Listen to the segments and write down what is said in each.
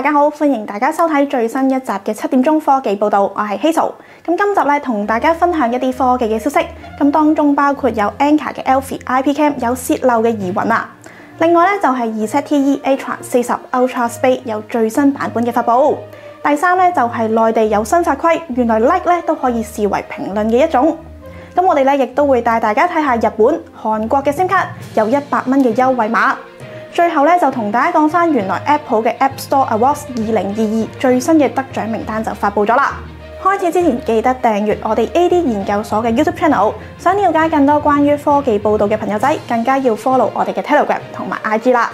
大家好，歡迎大家收睇最新一集嘅七點鐘科技報道，我係 Hazel。咁今集咧同大家分享一啲科技嘅消息，咁當中包括有 Anker 嘅 Eufy IP Cam 有洩漏嘅疑雲啊，另外咧就係、是、ZTE Axon 四十 Ultra Space 有最新版本嘅發佈，第三咧就係、是、內地有新法規，原來 like 咧都可以視為評論嘅一種。咁我哋咧亦都會帶大家睇下日本、韓國嘅 SIM 卡有一百蚊嘅優惠碼。最後呢就同大家講返，原來 Apple 嘅 App Store Awards 二零二二最新嘅得獎名單就發布咗啦。開始之前記得訂閱我哋 AD 研究所嘅 YouTube Channel，想了解更多關於科技報道嘅朋友仔，更加要 follow 我哋嘅 Telegram 同埋 IG 啦。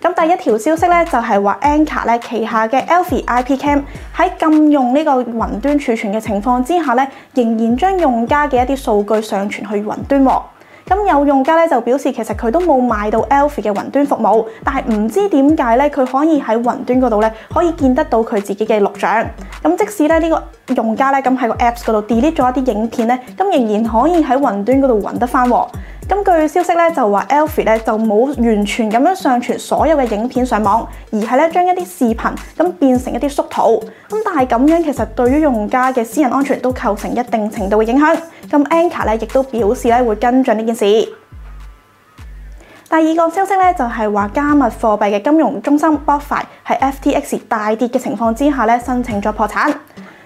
咁第一條消息咧就係話，Anker 咧旗下嘅 Eufy IP Cam 喺禁用呢個雲端儲存嘅情況之下咧，仍然將用家嘅一啲數據上傳去雲端喎。咁有用家咧就表示，其實佢都冇買到 Eufy 嘅雲端服務，但係唔知點解咧，佢可以喺雲端嗰度咧可以見得到佢自己嘅錄像。咁即使咧呢個用家咧咁喺個 Apps 嗰度 delete 咗一啲影片咧，咁仍然可以喺雲端嗰度揾得翻喎。根據消息咧就話，Eufy 咧就冇完全咁樣上傳所有嘅影片上網，而係咧將一啲視頻咁變成一啲縮圖。但係咁樣其實對於用家嘅私人安全都構成一定程度嘅影響。咁 Anker 亦都表示咧會跟進呢件事。第二個消息咧就係、是、話加密貨幣嘅金融中心 BlockFi 喺 FTX 大跌嘅情況之下咧申請咗破產。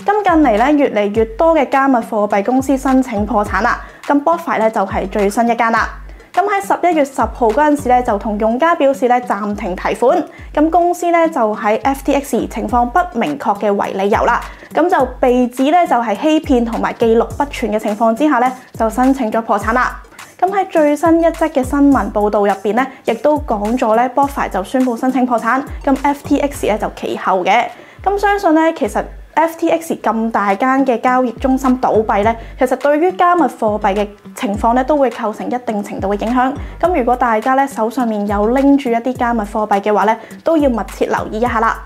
近嚟越嚟越多嘅加密貨幣公司申請破產啦。咁 BlockFi 就係最新一間啦。咁喺十一月十號嗰陣時咧，就同用家表示咧暫停提款。咁公司咧就喺 FTX 情況不明確嘅為理由啦。咁就被指咧就係欺騙同埋記錄不全嘅情況之下咧，就申請咗破產啦。咁喺最新一則嘅新聞報導入邊咧，亦都講咗咧 BlockFi 就宣布申請破產。咁 FTX 咧就其後嘅。咁相信咧其實。FTX 咁大間嘅交易中心倒閉咧，其實對於加密貨幣嘅情況咧，都會構成一定程度嘅影響。咁如果大家咧手上面有拎住一啲加密貨幣嘅話咧，都要密切留意一下啦。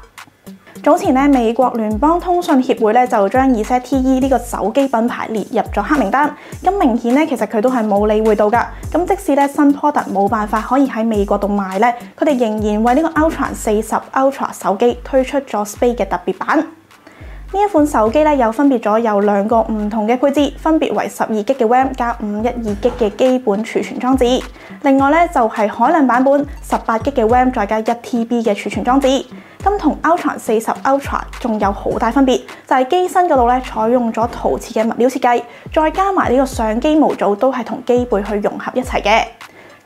早前咧，美國聯邦通訊協會咧就將 ZTE 呢個手機品牌列入咗黑名單。咁明顯咧，其實佢都係冇理會到㗎。咁即使咧，新 product 冇辦法可以喺美國度賣咧，佢哋仍然為呢個 Axon 四十 ultra 手機推出咗 Space 嘅特別版。呢一款手機咧，有分別咗有兩個唔同嘅配置，分別為十二吉嘅 RAM 加五一二吉嘅基本儲存裝置。另外咧就係海量版本，十八吉嘅 RAM 再加一 TB 嘅儲存裝置。咁同 Ultra 四十 Ultra 仲有好大分別，就係機身嗰度咧採用咗陶瓷嘅物料設計，再加埋呢個相機模組都係同機背去融合一齊嘅。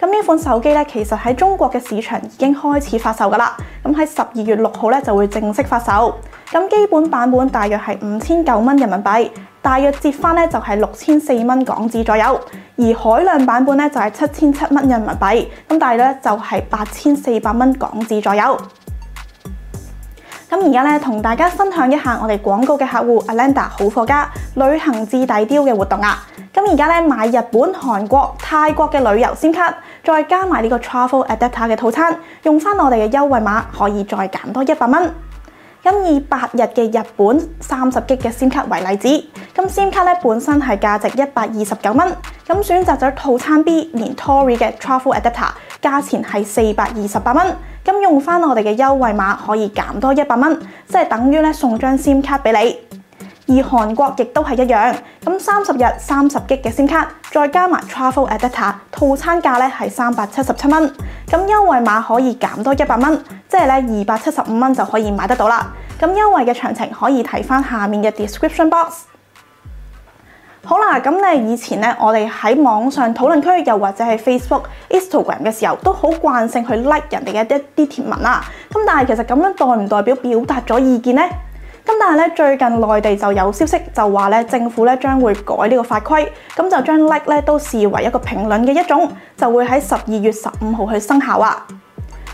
咁呢款手機呢，其實喺中國嘅市場已經開始發售㗎喇。咁喺十二月六號呢，就會正式發售。咁基本版本大約係五千九蚊人民幣，大約折返呢就係六千四蚊港紙左右。而海量版本呢，就係七千七蚊人民幣，咁大約呢就係八千四百蚊港紙左右。咁而家呢，同大家分享一下我哋廣告嘅客戶 Anlander 好貨家旅行至抵 deal 嘅活動啊！咁而家呢買日本、韓國、泰國嘅旅遊 SIM 卡。再加埋呢個 Travel Adapter 嘅套餐，用翻我哋嘅優惠碼可以再減多一百蚊。咁、嗯、以八日嘅日本三十 G 嘅 SIM 卡為例子，咁 SIM 卡咧本身係價值一百二十九蚊，咁、嗯、選擇咗套餐 B 連 Torrii 嘅 Travel Adapter，價錢係四百二十八蚊。咁、嗯、用翻我哋嘅優惠碼可以減多一百蚊，即係等於咧送張 SIM 卡俾你。而韓國亦都係一樣，咁三十日三十 G 嘅 SIM 卡，再加埋 Travel Adapter 套餐價咧係三百七十七蚊，咁優惠碼可以減多一百蚊，即係咧二百七十五蚊就可以買得到啦。咁優惠嘅詳情可以睇翻下面嘅 Description box。好啦，咁咧以前咧我哋喺網上討論區又或者係 Facebook、Instagram 嘅時候，都好慣性去 like 人哋嘅一啲貼文啦。咁但係其實咁樣代唔代表表達咗意見呢？但係最近內地就有消息就話政府咧將會改呢個法規，咁就將 like 都視為一個評論嘅一種，就會喺十二月十五號去生效啊。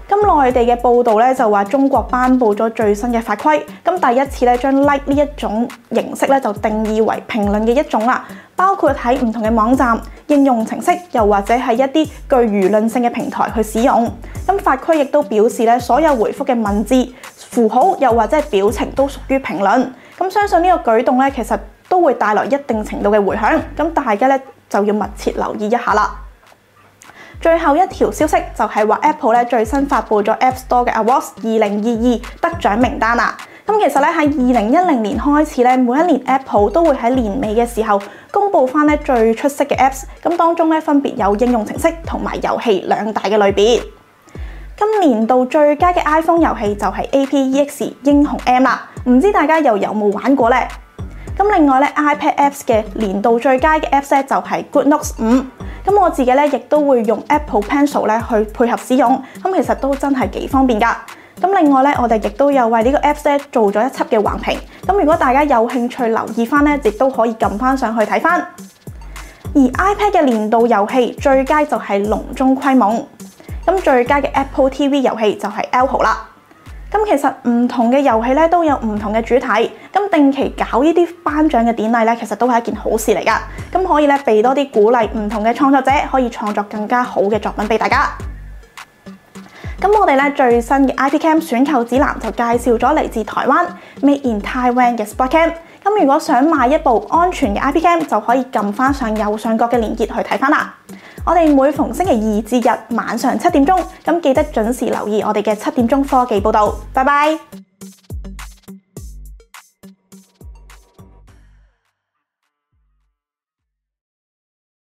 咁內地嘅報道呢，就話中國頒佈咗最新嘅法規，咁第一次咧將 like 呢一種形式呢，就定義為評論嘅一種啦，包括喺唔同嘅網站、應用程式，又或者係一啲具輿論性嘅平台去使用。咁法規亦都表示呢，所有回覆嘅文字、符號又或者係表情都屬於評論。咁相信呢個舉動呢，其實都會帶來一定程度嘅迴響，咁大家呢，就要密切留意一下啦。最後一條消息就係話 Apple 咧最新發布咗 App Store 嘅 Awards 二零二二得獎名單啦。咁其實咧喺二零一零年開始咧，每一年 Apple 都會喺年尾嘅時候公布翻咧最出色嘅 Apps。咁當中咧分別有應用程式同埋遊戲兩大嘅類別。今年度最佳嘅 iPhone 遊戲就係 A P E X 英雄 M 啦，唔知大家又有冇玩過呢？咁另外咧 iPad Apps 嘅年度最佳嘅 Apps 咧就係 GoodNotes 五。咁我自己咧，亦都會用 Apple Pencil 咧去配合使用，咁其實都真係幾方便噶。咁另外咧，我哋亦都有為呢個 App 咧做咗一輯嘅橫評，咁如果大家有興趣留意翻咧，亦都可以撳翻上去睇翻。而 iPad 嘅年度遊戲最佳就係《籠中窺夢》，咁最佳嘅 Apple TV 遊戲就係《El Hijo》啦。咁其實唔同嘅遊戲咧都有唔同嘅主題，咁定期搞呢啲頒獎嘅典禮咧，其實都係一件好事嚟噶，咁可以咧俾多啲鼓勵，唔同嘅創作者可以創作更加好嘅作品俾大家。咁 我哋咧最新嘅 IP Cam 選購指南就介紹咗嚟自台灣 Made in Taiwan 嘅 Spot Cam，咁如果想買一部安全嘅 IP Cam，就可以撳翻上右上角嘅鏈接去睇翻啦。我哋每逢星期二至日晚上七點鐘，咁記得準時留意我哋嘅七點鐘科技報道。拜拜。